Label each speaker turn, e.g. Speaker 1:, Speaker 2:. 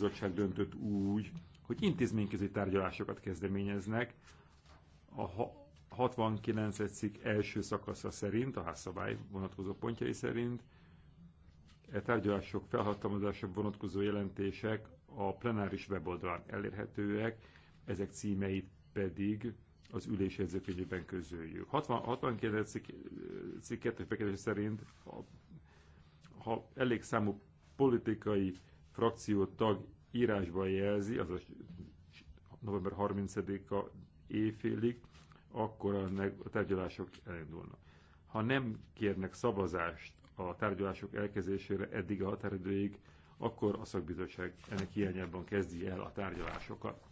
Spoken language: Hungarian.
Speaker 1: bizottság döntött úgy, hogy intézményközi tárgyalásokat kezdeményeznek a 69 cikk első szakasza szerint, a házszabály vonatkozó pontjai szerint, e tárgyalások felhatalmazása vonatkozó jelentések a plenáris weboldalán elérhetőek, ezek címeit pedig az ülés jegyzőkönyvében közöljük. 60, 69 cikk, 2 szerint ha elég számú politikai frakció tag írásban jelzi, azaz november 30-a éjfélig, akkor a, a tárgyalások elindulnak. Ha nem kérnek szavazást a tárgyalások elkezdésére eddig a határidőig, akkor a szakbizottság ennek hiányában kezdi el a tárgyalásokat.